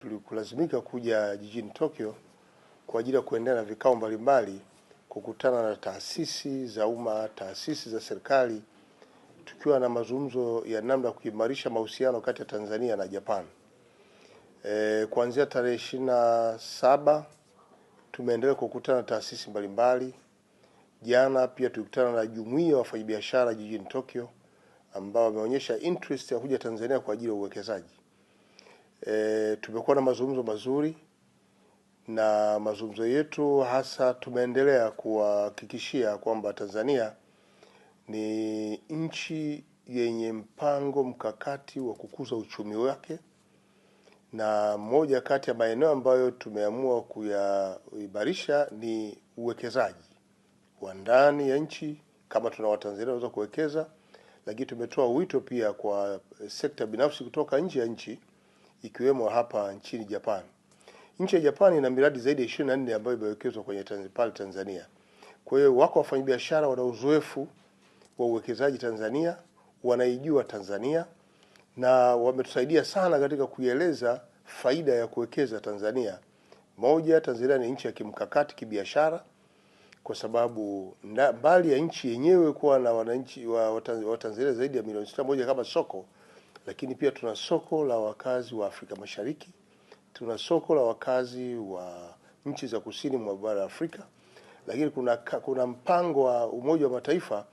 Tulikulazimika kuja jijini Tokyo kwa ajili ya kuendelea na vikao mbalimbali, kukutana na taasisi za umma, taasisi za serikali, tukiwa na mazungumzo ya namna ya kuimarisha mahusiano kati ya Tanzania na Japan. E, kuanzia tarehe ishirini na saba tumeendelea kukutana na taasisi mbalimbali. Jana pia tulikutana na jumuiya ya wafanyabiashara jijini Tokyo ambao wameonyesha interest ya kuja Tanzania kwa ajili ya uwekezaji. E, tumekuwa na mazungumzo mazuri na mazungumzo yetu hasa tumeendelea kuhakikishia kwamba Tanzania ni nchi yenye mpango mkakati wa kukuza uchumi wake, na moja kati ya maeneo ambayo tumeamua kuyaimarisha ni uwekezaji wa ndani ya nchi, kama tuna Watanzania wanaweza kuwekeza, lakini tumetoa wito pia kwa sekta binafsi kutoka nje ya nchi ikiwemo hapa nchini Japan. Nchi ya Japan ina miradi zaidi ya 24 ambayo imewekezwa kwenye pale Tanzania. Kwa hiyo wako wafanyabiashara wana uzoefu wa uwekezaji Tanzania, wanaijua Tanzania na wametusaidia sana katika kuieleza faida ya kuwekeza Tanzania. Moja, Tanzania ni nchi ya kimkakati kibiashara kwa sababu mbali ya nchi yenyewe kuwa na wananchi wa Watanzania zaidi ya milioni sitini na moja kama soko lakini pia tuna soko la wakazi wa Afrika Mashariki, tuna soko la wakazi wa nchi za kusini mwa bara la Afrika, lakini kuna, kuna mpango wa Umoja wa Mataifa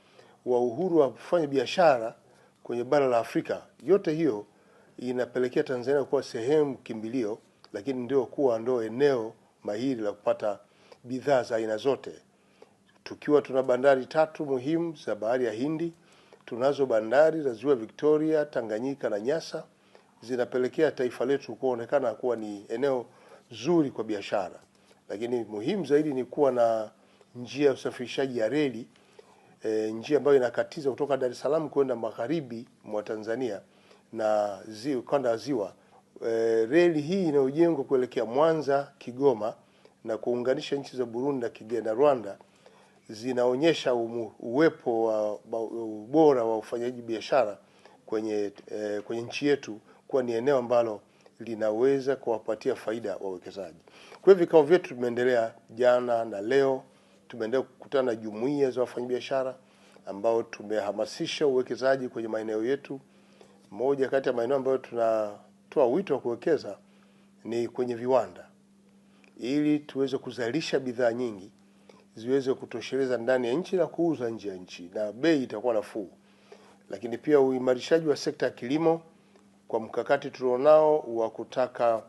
wa uhuru wa kufanya biashara kwenye bara la Afrika. Yote hiyo inapelekea Tanzania kuwa sehemu kimbilio, lakini ndio kuwa ndo eneo mahiri la kupata bidhaa za aina zote, tukiwa tuna bandari tatu muhimu za bahari ya Hindi Tunazo bandari za ziwa Victoria, Tanganyika na Nyasa, zinapelekea taifa letu kuonekana kuwa ni eneo zuri kwa biashara, lakini muhimu zaidi ni kuwa na njia ya usafirishaji ya reli e, njia ambayo inakatiza kutoka Dar es Salaam kwenda magharibi mwa Tanzania na zi, ukanda wa ziwa e, reli hii inayojengwa kuelekea Mwanza, Kigoma na kuunganisha nchi za Burundi na Rwanda zinaonyesha umu, uwepo wa ubora wa ufanyaji biashara kwenye, eh, kwenye nchi yetu kuwa ni eneo ambalo linaweza kuwapatia faida wawekezaji. Kwa hiyo vikao vyetu tumeendelea jana na leo, tumeendelea kukutana na jumuiya za wafanyabiashara ambao tumehamasisha uwekezaji kwenye maeneo yetu. Moja kati ya maeneo ambayo tunatoa wito wa kuwekeza ni kwenye viwanda, ili tuweze kuzalisha bidhaa nyingi ziweze kutosheleza ndani ya nchi na kuuza nje ya nchi na bei itakuwa nafuu. Lakini pia uimarishaji wa sekta ya kilimo kwa mkakati tulionao wa kutaka